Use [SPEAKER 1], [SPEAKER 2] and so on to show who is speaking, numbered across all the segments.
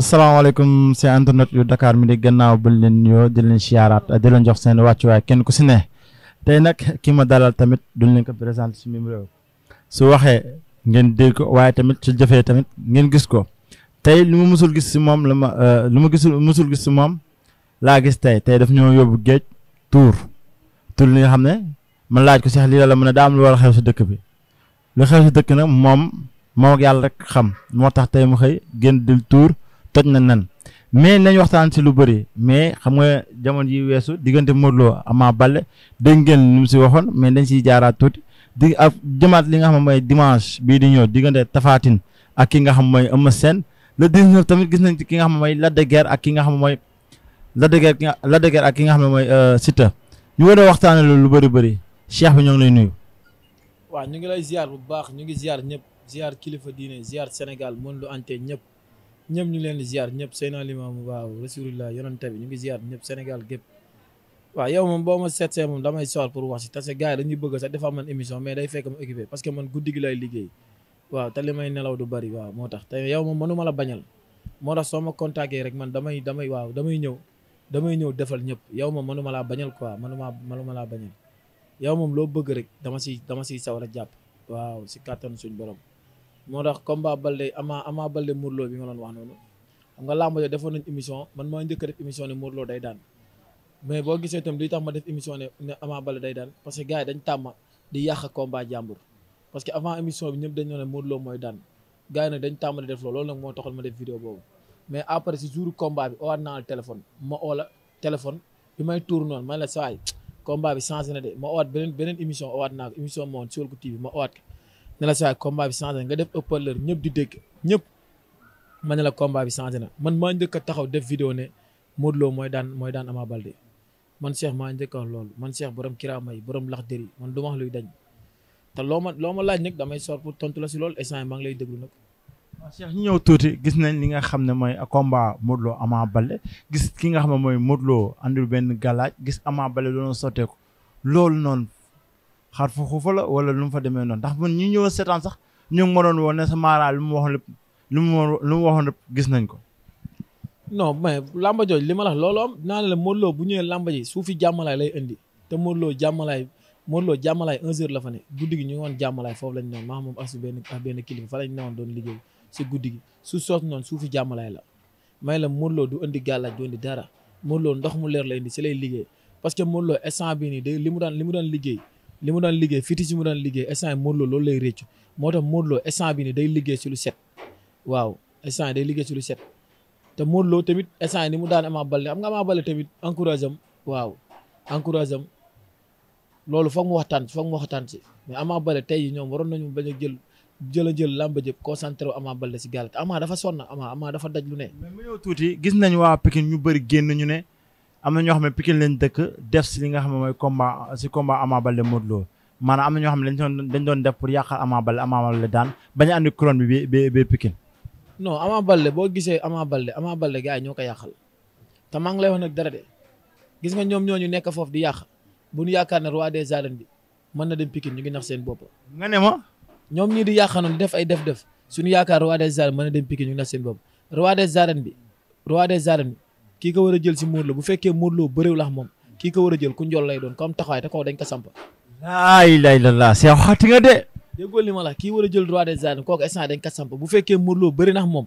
[SPEAKER 1] asalaamaaleykum si internet yu Dakar mi di gannaaw ba leen nuyoo di leen siyaaraat di leen jox seen wàcc wàccuwaay kenn ku si ne tey nag ki ma dalal tamit duñ leen ko présenté si mim réew su waxee ngeen dégg ko waaye tamit su jëfee tamit ngeen gis ko tey lu ma musul gis si moom la ma euh, lu ma gisul musul gis si moom laa gis tey tey daf ñoo yóbbu géej tuur tuur li nga xam ne man laaj ko seex lii la la mën a daa am lu war a xew si dëkk bi lu xew si dëkk nag moom moom ak yàlla rek xam moo tax tey mu xëy génn tuur toj na nan mais nañ waxtaan si lu bëri mais xam nga jamono ji weesu diggante Modou Lo Ama Baldé dégg ngeen nu mu si waxoon mais nañ siy jaaraat tuuti di ak jëmaat li nga xam mooy dimanche bii di ñëw diggante Tapha Tine ak ki nga xam mooy Eumeu Sène le 19 tamit gis nañ ci ki nga xam mooy Lac de Guiers ak ki nga xam mooy Lac de Guiers Lac de Guiers ak ki nga xam ne mooy euh, Siteu ñu war a lu bëri bëri Cheikh bi ñoo ngi lay nuyu.
[SPEAKER 2] waaw ñu ngi lay ziar bu baax ñu ngi ziar ñëpp ziar kilifa diine ziar Sénégal mën lu ante ñëpp. ñëpp ñu leen di ziar ñëpp Seydina Limaamu waaw rasulullah yonente bi ñu ngi ziar ñëpp Sénégal gépp waaw yow moom boo ma seetsee moom damay soxal pour wax si parce que gars yi dañuy bëgg sax dafa am man émission mais day fekk ma équipé parce que man waaw te li may nelaw du bari waaw moo tax te yow moom mënu ma la bañal moo tax soo ma contacté rek man damay damay waaw damay ñëw damay ñëw defal ñëpp yow moom mënu ma laa bañal quoi mënu ma mënu ma laa bañal yow moom loo bëgg rek dama si dama siy sawar a jàpp waaw si kàttan suñ borom moo tax combat Balde Ama Ama Balde Modou Lo bi ma doon wax noonu xam nga làmb jo defoon nañ émission man maa njëkk a def émission ne Modou day daan mais boo gisee itam li tax ma def émission ne ne Ama Balde day daan parce que gars yi dañ tàmma di yàq combat mooy daan gars yi nag dañ tàmma di def loolu loolu nag moo taxoon ma def vidéo boobu mais après si jour combat bi owaat naa la téléphone ma oo la téléphone bi may tuur noonu man la saay combat bi changé na de ma owaat beneen beneen émission owaat naa ko émission moon siwal ko ne la saa combat bi changé nga def ëppaleur ñëpp di dégg ñëpp ma ne la combat bi changé na man maa njëkk a taxaw def vidéo ne Modou mooy daan mooy daan Ama Baldé man Cheikh maa njëkk a wax loolu man Cheikh borom kiraama yi borom lax dëri man du ma wax luy dañ te loo ma loo ma laaj nag damay sor pour tontu la si loolu instant yii maa ngi lay déglu nag. waaw
[SPEAKER 1] Cheikh ñu ñëw tuuti gis nañ ni nga xam ne mooy combat Modou amaa Ama gis ki nga xam ne mooy Modou Lo andul benn galaaj gis Ama Baldé doon sotteeku loolu xar fa xuufa la wala lu mu fa demee noonu ndax man ñu ñëw seetaan sax ñu ngi ma doon woon ne sa maara lu mu waxoon lépp lu mu lu mu waxoon lépp gis nañ ko
[SPEAKER 2] non mais lamba jooj li ma la wax loolu la Modou Lo bu ñëwee lamba ji suufi jàmmalaay lay indi te Modou Lo jàmmalaay Modou Lo jàmmalaay 1h la fa gi ñu woon jàmmalaay foofu lañ newoon benn ak benn kilifa fa lañ doon liggéey si guddi gi su soos noonu suufi jàmmalaay la may la Modou Lo du indi gàllaaj du indi dara Modou Lo ndox mu leer la indi si lay liggéey parce que Modou Lo instant bi nii day li mu daan li mu daan liggéey li mu daan liggéey fiti si mu daan liggéey instant yi Modou Lo loolu lay réccu moo tax Modou Lo instant bi ni day liggéey si lu set waaw instant yi day liggéey lu set te Modou tamit instant yi ni mu daan Ama Baldé xam nga Ama Baldé tamit encourage waaw encourage loolu foog mu waxtaan si foog mu waxtaan si mais amaa Baldé tey ñoom waroon nañu bañ a jël jël jël làmba jëpp concentré wu Ama Baldé si gàll te Ama dafa sonn Ama Ama dafa daj lu ne.
[SPEAKER 1] gis nañ waa ñu bëri génn ñu ne. am na ñoo xam ne Pikine lañ dëkk def si li nga xam ne mooy combat si combat Ama Baldé Modou Lo maanaam am na ñoo xam ne dañ def pour yàqal Ama Baldé Ama Baldé daan bañ a andi bi ba ba Pikine.
[SPEAKER 2] non Ama boo gisee Ama Baldé Ama Baldé gars ñoo ko yàqal te maa ngi lay wax nag dara de gis nga ñoom ñooñu nekk foofu di yàq bu ñu yaakaar ne roi des arènes bi mën na dem Pikine ñu ngi nax seen bopp. nga ne ma. ñoom ñii di yàqanoon def ay def-def suñu yaakaar roi des arènes mën na dem Pikine ñu ngi nax seen bopp roi des arènes bi bi kii ko war a jël si Modou Lo bu fekkee Modou Lo bëréew lax moom kii ko war a jël ku njool lay doon ko am taxawaay te kaw dañ ko samp
[SPEAKER 1] laa ilaaha illallaah see waxati nga de
[SPEAKER 2] déggoo li ma la kii war a jël roi des arènes kooku instant dañ ko samp bu fekkee Modou Lo bëri nax moom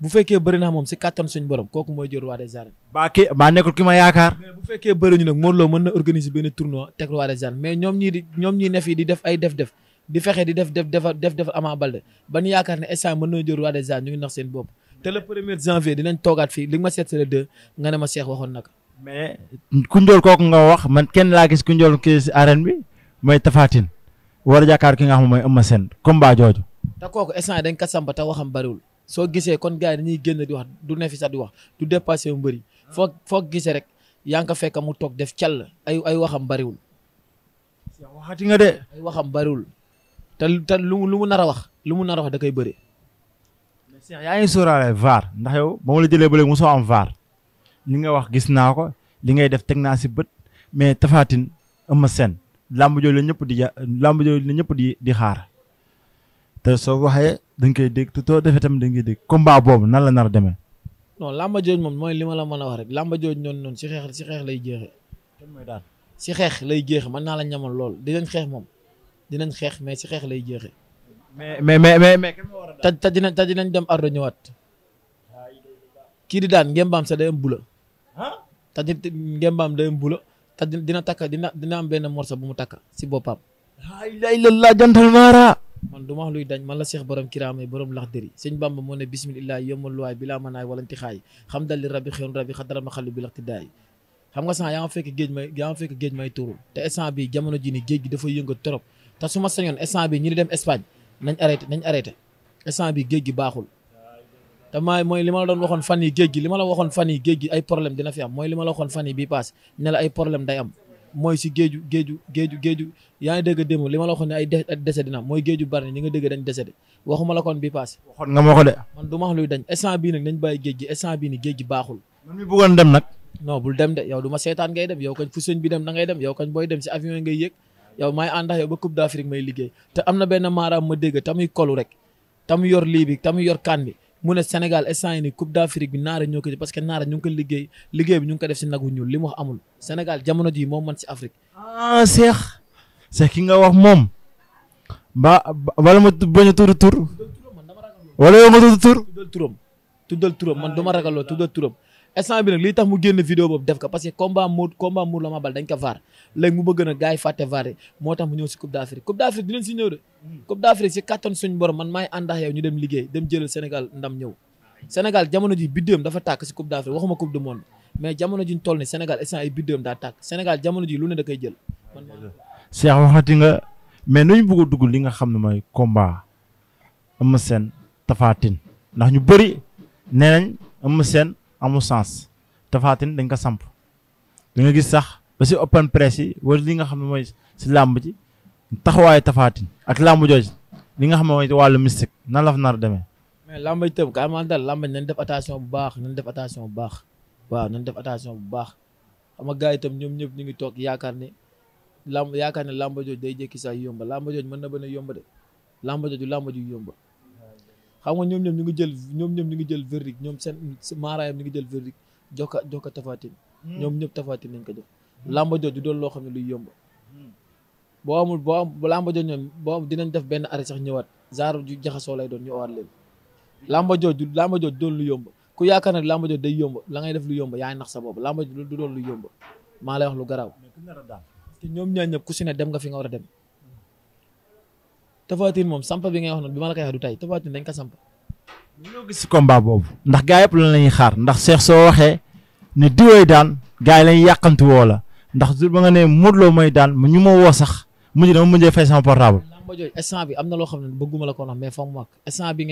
[SPEAKER 2] bu fekkee bëri nax moom si kattan suñ borom kooku mooy jël roi des arènes baa ki bu fekkee bëri ñu nag Modou Lo mën na organiser benn tournoi teg roi des arènes mais ñoom ñii di ñoom di def ay def-def di fexe di def def defa def def Ama Baldé ban yaakaar ne instant mën na jël roi des arènes nax seen bopp te le premier janvier dinañ toogaat fii li ma seet si le deux nga ne ma Cheikh waxoon naka mais
[SPEAKER 1] ku njool kooku nga wax man kenn laa gis ku njool kii si arène bi mooy Tafatine war a jàkkaar ki nga xam mooy Eumeu Sène combat jooju.
[SPEAKER 2] te kooku instant yii dañ ko sàmba te waxam bariwul soo gisee kon gars yi dañuy génn di wax du ne sax di wax du dépassé wu bari foo foo gisee rek yaa ngi ko fekk mu toog def càll ay ay waxam bariwul. waxati nga de. ay waxam bariwul te te lu lu mu nar a wax lu mu nar a wax da koy bëri.
[SPEAKER 1] Cheikh yaa ngi VAR ndax yow ba la jëlee ba léegi mosoo am VAR li nga wax gis naa ko li ngay def teg naa si bët mais Tapha Tine làmb jooju la ñëpp di ja làmb jooju la ñëpp di di xaar te soo waxee da koy dégg te soo defee tamit da nga koy boobu nan la nar a demee.
[SPEAKER 2] non làmb jooju moom mooy li ma la mën a wax rek làmb jooju noonu noonu si xeex si xeex lay jeexee. kan daal si xeex lay jeexee mën naa la ñamal lool dinañ xeex moom dinañ xeex mais si xeex lay jeexee. mais mais mais mais. taj taj nañ taj nañ dem ardo ñëwaat. kii di daan ngembaam sax day am bula. taj ngembaam day am bula taj dina takk dina dina am benn morsa bu mu takk si boppam. la illallah jantal maara. man du ma wax luy dañ man la seex borom kiraamay borom lax dëri sëñ bamba moo ne bismillah yombal luwaay bi laa mën aay walanti xaay xam dal li rabi xewn rabi dara ma xalu bi lax ti daay xam nga sant yaa ma fekk géej may yaa géej may turu te instant bi jamono ji ni géej gi dafa yënga trop te su ma sañoon instant bi ñu dem Espagne nañ arrêté nañ arrêté instant bi géej gi baaxul te mooy li ma la doon waxoon fan yi géej gi li ma la waxoon fan yi géej gi ay problème dina fi am mooy li ma la waxoon fan yi bii paas ne ay problème day am mooy si géeju géeju géeju géeju yaa ngi dégg démb li ma la waxoon ne ay décès dina mooy géeju bari ni nga dégg dañ décédé waxuma la kon bii paas waxoon nga ma ko de man du ma wax luy dañ instant bii nag nañ bàyyi géej gi instant bii ni géej gi baaxul man mi bëggoon dem nag non bul dem de yow du ma seetaan ngay dem yow kañ fu sëñ bi dem da ngay dem yow may ànd ak yow ba Coupe d'Afrique may liggéey te am na benn maaraam ma dégg tamuy kolu rek tamu yor lii bi tamu yor kan bi mu ne Sénégal instant yii nii Coupe d'Afrique bi naara ñoo ko parce que naara ñu ngi ko liggéey liggéey bi ñu ngi ko def si nagu ñuul li mu amul Sénégal jamono jii moom man si Afrique. ah
[SPEAKER 1] Cheikh. Cheikh ki nga wax moom. ba wala ma bañ a tudd tur. wala yow ma tudd
[SPEAKER 2] tuddal turam tuddal turam man ragaloo tuddal turam. instant bi nag lii tax mu génn vidéo boobu def ko parce que combat mu combat mu la ma bal ñu dem liggéey dem jëlal Sénégal ndam ñëw. Sénégal jamono ji biddéem dafa tàkk si Coupe d'Afrique waxuma Coupe du monde mais jamono ji ñu toll ni Sénégal instant ay biddéem daa tàkk Sénégal jamono ji lu ne da jël.
[SPEAKER 1] Cheikh waxati nga mais nañu bëgg dugg li nga xam ne mooy combat Eumeu Sène Tapha Tine ndax ñu bëri nee nañ Eumeu amul sens tafaatin dañ ko samp da nga gis sax ba si open press yi wala li nga xam ne mooy si làmb ji taxawaayu tafaatin ak làmb jooju li nga xam ne mooy wàllu mystique nan la fa nar demee.
[SPEAKER 2] mais làmb ji tëb carrément daal làmb ji nañ def attention bu baax nañ def attention bu baax waaw nañ def attention bu baax xam nga gars yi itam ñoom ñëpp ñu ngi toog yaakaar ne làmb yaakaar ne làmb jooju day jékki saa yomba làmb jooju mën na ba ne yomba de làmb jooju làmb ju yomba xam nga ñoom ñoom ñu ngi jël ñoom ñoom ñu ngi jël verdict ñoom seen maaraayam ñu ngi jël verdict jox ko jox ko tafaatin hmm. ñoom ñëpp tafaatin nañ ko jox hmm. làmba jooju doon loo xam ne luy yomb hmm. boo amul boo am làmba jooju ñoom boo am dinañ def benn arrêt sax ñëwaat genre ju jaxasoo lay doon ñu owaat leen làmba jooju làmba jooju doon lu yomb ku yaakaar nag làmba jooju day yomb la ngay def lu yomb yaa ngi nax sa bopp làmba jooju du doon lu yomb maa lay wax lu garaaw te ñoom ñaar ñëpp ku si ne dem nga fi nga war a dem Tafatin moom samp bi ngay wax noonu bi ma la koy wax du tey Tafatin dañ ko samp.
[SPEAKER 1] ñoo gis si combat boobu ndax gaa yëpp lan la ñuy xaar ndax Cheikh soo waxee ne diwooy daan gaa yi lañuy yàqanti woo la ndax jur ba nga ne Modou Lo mooy daan ñu ma woo sax mujj dama mujjee fay sama portable.
[SPEAKER 2] lamba jooju instant bi am na loo xam ne bëgguma la ko wax mais foog mu wax instant bi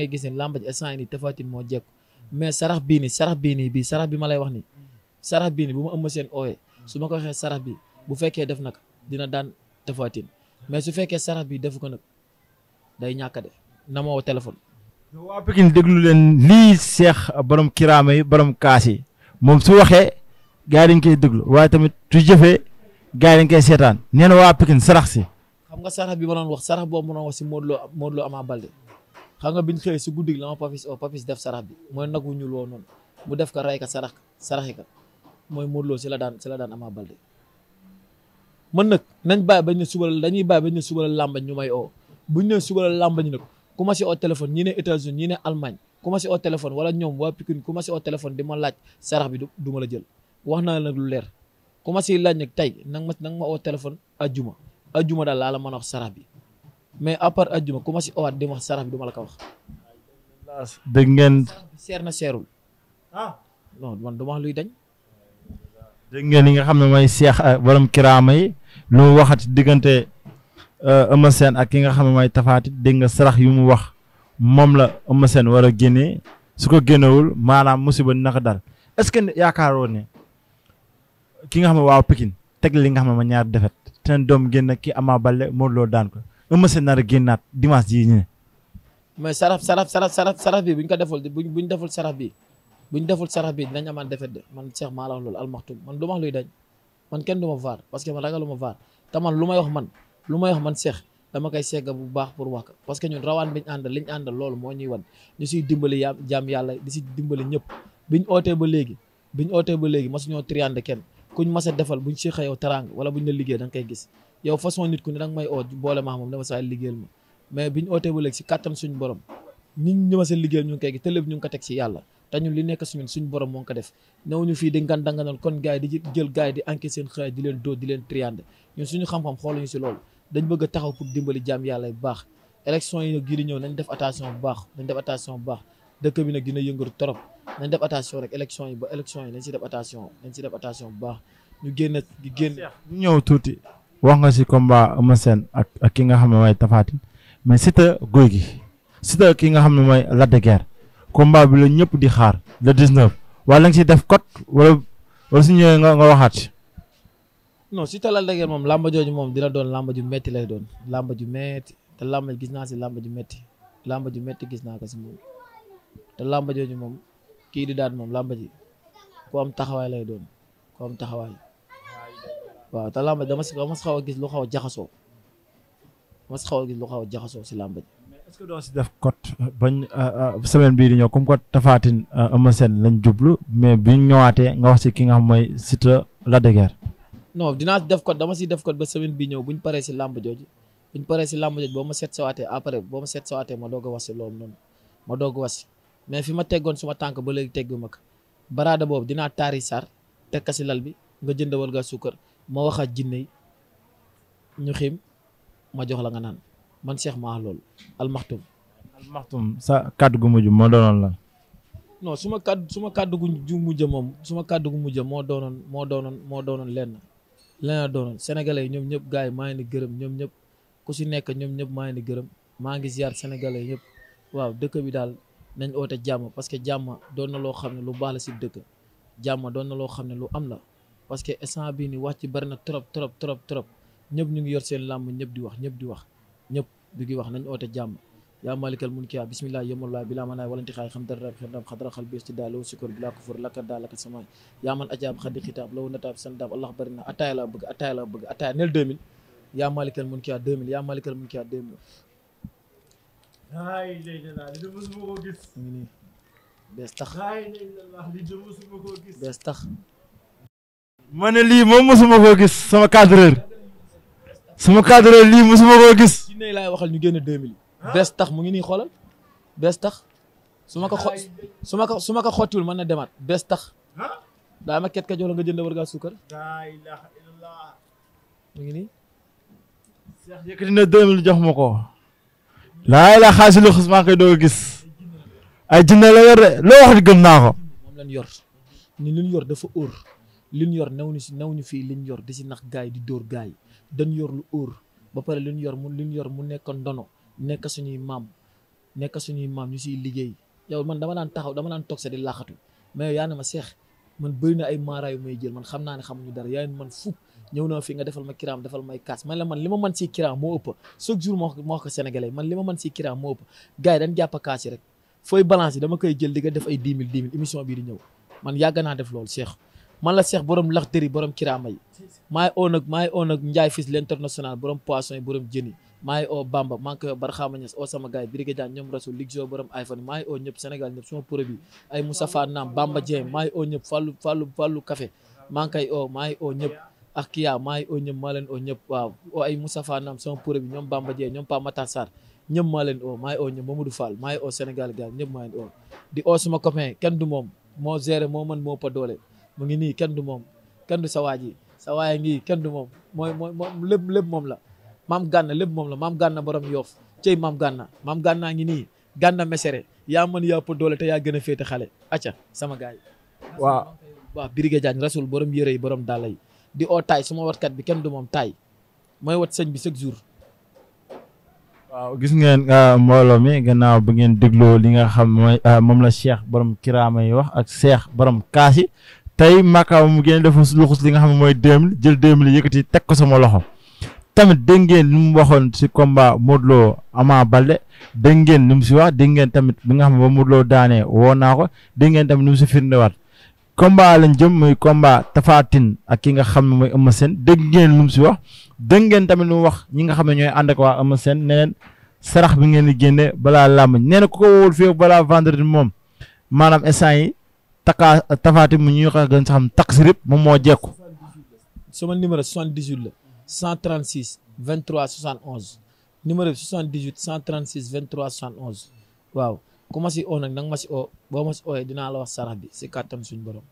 [SPEAKER 2] nii sarax bii nii bii sarax bi ma lay wax nii sarax bii nii bu ma ëmb seen ooyee day ñàkk de na moo woo téléphone. waa Pikine
[SPEAKER 1] déglu leen lii seex borom kiraama yi borom kaas yi moom su waxee gaa yi dañ koy déglu waaye tamit su jëfee gaa yi dañ seetaan nee na waa Pikine sarax si.
[SPEAKER 2] xam nga sarax bi ma doon wax sarax boobu ma doon wax si Modou Lo Modou Lo Ama Baldé xam nga biñ xëyee si guddi la ma papis oo oh, papis def sarax bi mooy nag wu ñuul woo noonu mu def ko rey ka sarax saraxi ka mooy Modou si la daan si la daan Ama Baldé man nag nañ bàyyi bañ ne dañuy bàyyi bañ ne suba làmbañ bu ñu nee suba la làmb ñu ne ko commencé au téléphone ñi ne États-Unis ñi ne Allemagne commencé au téléphone wala ñoom waa Pikine commencé au téléphone di ma laaj sarax bi du la jël wax naa nag lu leer commencé laaj nag tey nag ma nag ma au téléphone ajjuma ajjuma daal laa la a wax sarax bi mais à part ajjuma commencé owaat di ma wax sarax bi du la ko wax. dégg ngeen. seer na seerul. ah non wax luy dañ. dégg ngeen yi
[SPEAKER 1] nga xam ne mooy seex euh, borom kiraama yi lu mu waxati diggante. Euh, Eumeu Sène ak ki nga xam ne mooy Tapha dégg nga sarax yu mu wax moom la Eumeu Sène war a génne su ko génnewul maanaam musiba naka dal est-ce que yaakaaroo ne ki nga xam ne waaw Pikine teg li nga xam ne ma ñaar defet ten doom génn ki Ama Baldé Modou Lô daan ko Eumeu Sène nar a génnaat dimanche jii ñu ne
[SPEAKER 2] mais saraf saraf saraf saraf saraf bi buñ ko deful bu ñu deful saraf bi bu buñ deful saraf bi dañ amaan defet de man Cheikh maa la wax loolu almaxtum man lu ma wax luy dañ man kenn du ma vaar parce que man ragaluma vaar te man lu may wax man lu ma wax man seex dama koy segga bu baax pour wax parce que ñun rawaan bi ñu àndal li ñu àndal loolu moo ñuy wan ñu siy dimbali ya jaam yàlla di si dimbali ñëpp ñu ootee ba léegi biñ ootee ba léegi masuñoo triande kenn kuñ mas bu ñu buñ séqa yow teraanga wala buñ la liggéey da nga koy gis yow façon nit ku ne danga may oot boole maa moom dama saay liggéeyal ma mais biñ ootee ba léegi si kàttan suñu borom nit ñi ma sa liggéeyal ñu ngi koy gis te lépp ñu ngi ko teg si yàlla te ñun li nekk suñun suñ borom moo ngi ko def newuñu fii di ngan danganal kon gars yi di jël gars yi di enquête seen xëy di leen dóor di leen triande ñun suñu xam-xam xooluñu si loolu dañ bëgg a taxaw pour dimbali jaam yàlla bu baax élection yi nag yi di ñëw nañ def attention bu baax nañ def bu baax dëkk bi nag dina yëngatu trop nañ def yi ba élection yi nañ si def attention nañ bu baax ñu génn di génn
[SPEAKER 1] ñu ñëw tuuti wax nga si comme Eumeu ma ak ak ki nga xam ne mooy Tapha Tine mais Siteu Gouye Gui Siteu ki nga xam ne mooy Lac de combat bi la ñëpp di xaar le 19 wala lañ si def kot wala wala su ñëwee nga nga waxaat.
[SPEAKER 2] non si talal da moom làmba jooju moom dina doon làmba ju metti lay doon làmba ju metti te làmba gis naa si làmba ju metti làmba ju metti gis naa ko si moom te làmba moom kii di daan moom làmba ji ku am taxawaay lay doon ku am taxawaay waaw te làmba dama si dama xaw a gis lu xaw a jaxasoo dama si xaw a gis lu xaw a jaxasoo si làmba ji parce que doo si
[SPEAKER 1] def cote euh, bañ euh, euh, semaine bii di ñëw comme cote tafaatin Eumeu Sène lañ jublu mais bi ñu ñëwaatee nga wax si ki nga xam mooy Siteu la de Guiers.
[SPEAKER 2] dinaa def cote dama si def cote ba semaine bii ñëw buñ paree si làmb jooju buñ paree si làmb jooju boo ma seet sawaatee après boo ma seet sawaatee ma doog a wasi loolu noonu ma doog wasi mais fi ma teggoon suma tànk ba léegi teggu ma ko baraada boobu dinaa taari sar teg ko si lal bi nga jënd wal nga suukar ma wax ak jinne yi ñu xiim ma jox la nga naan. man Cheikh maa loolu almaxtum almaxtum
[SPEAKER 1] sa kàddu gu mujj moo doonoon la
[SPEAKER 2] non su ma kàddu su ma kàddu gu mujj moom su ma gu mujj moo doonoon moo doonoon moo doonoon lenn lenn doonoon sénégalais yi ñoom ñëpp gars yi maa ngi ni gërëm ñoom ñëpp ku si nekk ñoom ñëpp maa ngi gërëm maa ngi ziar sénégalais yi waaw dëkk bi daal nañ oote jàmm parce que jàmm doon na loo xam ne lu baax la si dëkk jàmm doon na loo xam ne lu am la parce que instant bii ni wax ci bari na trop trop trop trop ñëpp ñu ngi yor seen làmb ñëpp di wax ñëpp di wax ñëpp ñu ngi wax nañ oote jàmm yaa malikal mun kiyaa bisimilah yëmallaa bi laa manaay walanti xaay xam dara xerdam xadaraxal bés ci daal law sukkur bi laa ko fur lakka daa laka samaay yaa man ajaab xaddi xitaab law nataab san daab allah bari na ataaya laa bëgg ataaya laa bëgg ataaya neel yaa malikal mun kiyaa 2000 yaa malikal mun kiyaa 2000 ay li de mosuma koo gis ngi nii bees tax
[SPEAKER 1] ay lii moom mosuma koo gis sama cadreur sama cadreur lii mosuma koo gis
[SPEAKER 2] waxal ñu génne deux mille ah. bees tax mu ngi nii xoolal bees tax su ma ko su ma ko su ma ko xottiwul mën na demaat bees tax daa ma ket ka jox la nga jënd war ngaa suukar laa mu ngi nii
[SPEAKER 1] Cheikh yëkkati na deux jox ma ko laa ilaa xaasi lu xus maa koy doog a gis ay jinne la yor de loo wax di gëm naa ko
[SPEAKER 2] moom lañ yor ni liñ yor dafa óor liñ yor new ni si naw ni fii liñ yor di si nax gaay di dóor gaay dañ yor lu óor ba pare lu ñu yor mu lu ñu yor mu nekk ndono nekk suñuy maam nekk suñuy maam ñu siy liggéey yow man dama daan taxaw dama daan toog sa di laaxatu mais yaa ne ma seex man bëri na ay maaraayu may jël man xam naa ne xamuñu dara yaa man fupp ñëw na fi nga defal ma kiraam defal may kaas man man li ma mën si kiraam moo ëpp chaque jour ma wax man li ma mën si kiraam moo ëpp gars yi dañ jàpp kaas yi rek fooy balance yi dama koy jël di nga def ay 10 000 10 émission bii di ñëw man yàgg naa def loolu seex man la seex borom laxdëri borom kiraama yi maa ngi oo nag maa ngi oo nag Ndiaye fils borom poisson yi borom jën yi oo Bamba man ngi koy Barxaama Ñas oo sama gars yi Birigui Diagne ñoom Rasul Ligzo borom iPhone maa ngi oo ñëpp Sénégal ñëpp suma produit ay Moustapha oo ñëpp Fallou Fallou Fallou Café maa ngi koy oo maa ngi oo ñëpp waaw oo ay Moustapha Naam ñoom Bamba Dieng ñoom Pa Matar Sarr ñëpp maa leen oo maa ngi oo ñëpp Mamadou Fall maa ngi oo Sénégal gars ñëpp maa leen oo di oo suma copain kenn du moom moo géré moo mën moo pa doole mu ngi nii kenn du moom kenn du sa waaj yi sa waay ngi kenn du moom mooy moom lépp lépp moom la maam gànna lépp moom la maam gànna borom yoof cey maam gànna maam gànnaa ngi nii gànna mesere yaa mën yaa ëpp doole te a féete xale acca sama gars yi waaw waaw Birige rasul borom yëre yi borom dàll yi di oo taay suma bi kenn du moom taay mooy wat sëñ bi chaque jour waaw
[SPEAKER 1] gis ngeen ah, mbooloo mi bu ngeen dégloo li nga xam mooy ah, la cheikh borom kiraama yi wax ak cheikh borom kaas tey Maka mu génne dafa luxus li nga xam ne mooy deux mille jël deux mille yëkkati teg ko sama loxo tamit dégg ngeen li mu waxoon si combat Modou Lo Ama Baldé ngeen li mu si wax dégg ngeen tamit bi nga xam ne ba Modou Lo woo naa ko dégg ngeen tamit li mu si firndewaat combat lañ jëm muy combat Tafatine ak ki nga xam ne mooy Eumeu Sène dégg ngeen lu mu si wax dégg ngeen tamit mu wax ñi nga xam ne ñooy ànd ak waa Eumeu Sène ne leen sarax bi ngeen di génne balaa làmb nee na ko wóol fii balaa vendredi moom maanaam instant yi takka tafaati mu ñuy wax gën sa xam taksirib moom moo jekku.
[SPEAKER 2] sama numéro 78 la 136 23 71 numéro bi 78 136 23 71 waaw ku ma si oo nag nanga ma si oo boo ma si ooyee dinaa la wax sarax bi si kàttan suñu borom.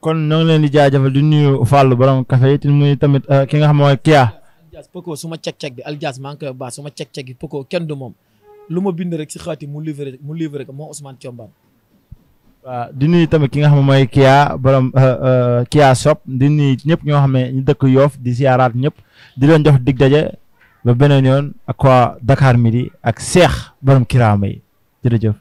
[SPEAKER 1] kon ñoo leen di jaajëfal di nuyu Fallou borom café te muy tamit euh, ki nga xam mooy Kia.
[SPEAKER 2] Aljaas su ma cek-cek bi Aljaas maa ngi koy baax su ma cek-cek bi Poco kenn du moom lu ma bind rek si xaati mu Ah,
[SPEAKER 1] di nuyu tamit ki nga xam ne mooy Kia borom eh, eh, Kia Shop di nuyu ñëpp ñoo xam ne ñu dëkk Yoff di siyaaraat ñëpp di leen jox dig daje ba beneen yoon ak waa Dakar Midi ak Seex borom kiraama yi jërëjëf.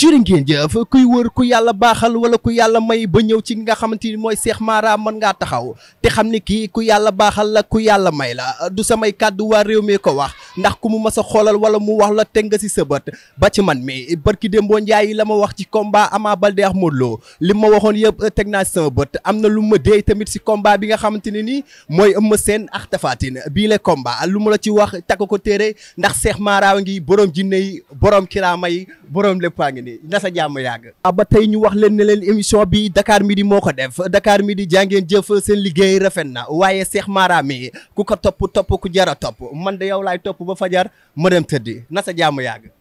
[SPEAKER 1] jërë ngeen kuy wër ku yàlla baaxal wala ku yàlla may ba ñëw ci nga xamante ni mooy seex Mara mën ngaa taxaw te xam ni kii ku yàlla baaxal la ku yàlla may la du samay kàddu waa réew mi ko wax ndax ku mu mas a xoolal wala mu wax la teg nga si sa bët ba ci man ki dem boo njaay yi la ma wax ci combat amaa Baldé ak Modou li ma waxoon yëpp eh, teg naa si sama bët am na lu ma deey tamit si combat bi nga xamante ne nii mooy Eumeu Sène ak Tapha Tine bii la combat lu ma la ci wax takk ko téere ndax Cheikh Maraw ngi borom jinne yi borom kiraama yi borom léppaa ngi nii na sa jàmm yàgg. Ah, ba tey ñu wax leen ne leen émission bi dakaar Dakar di moo ko def Dakar Midi jàngeen jëf seen liggéey rafet na waaye Cheikh Maraw mi ku topp topp ku jar topp man de yow laay topp. jàpp ba fajar ma dem tëddi na sa jàmm yàgg